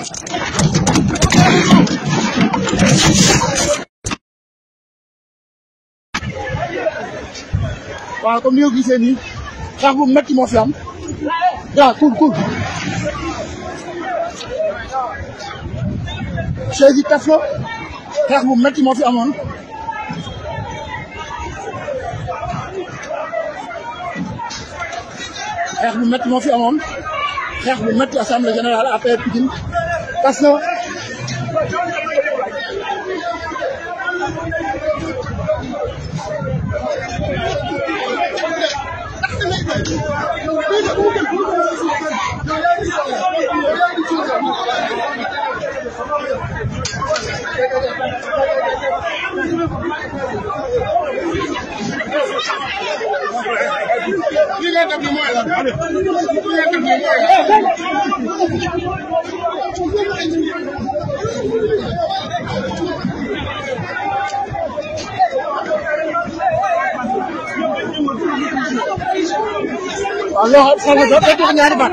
waaw comme ni nga gisee nii xeex bu métti moo fi am waaw cool cool chaise yi taf xeex bu métti moo fi amoon xeex bu métti moo fi amoon xeex bu métti assemblée générale APR Pikine tas na Li gen tap ni mwen la. Li gen tap ni mwen la. waaw loo xam ne doo doo jox ñaari baat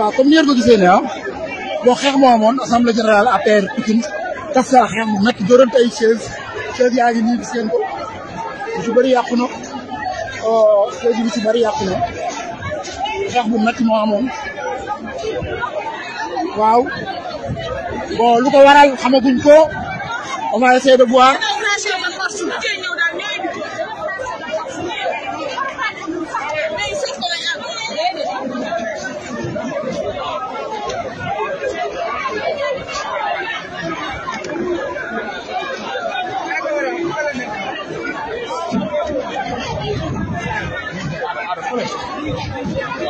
waaw comme ni ngeen ko gisee ne ah bon xeex moo amoon assemblée générale APR Pikine xeex mu métti dóorante ay chaise chaise yaa ngi nii gis ko lu ci bëri yàqu na oh, chaise bi xeex bu métti moo amoon waaw bon lu ko waral ko on va essayer de voir Guys,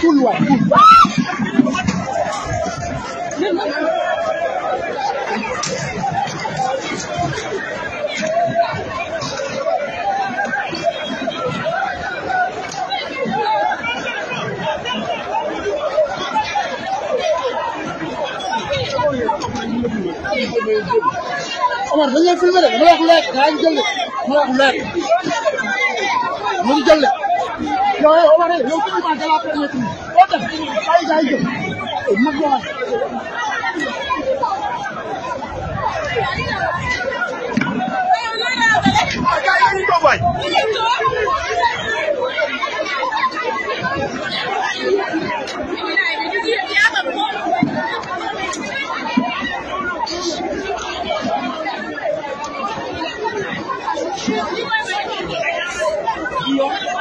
full white, full Omar, dañu lay filmé de, dama wax leer, daa ñu jël de, dama wax leer. mu ngi jël de yow yow Omar yow kii quoi de la première kii boo def ay gars yi jël mag yow ay. yoon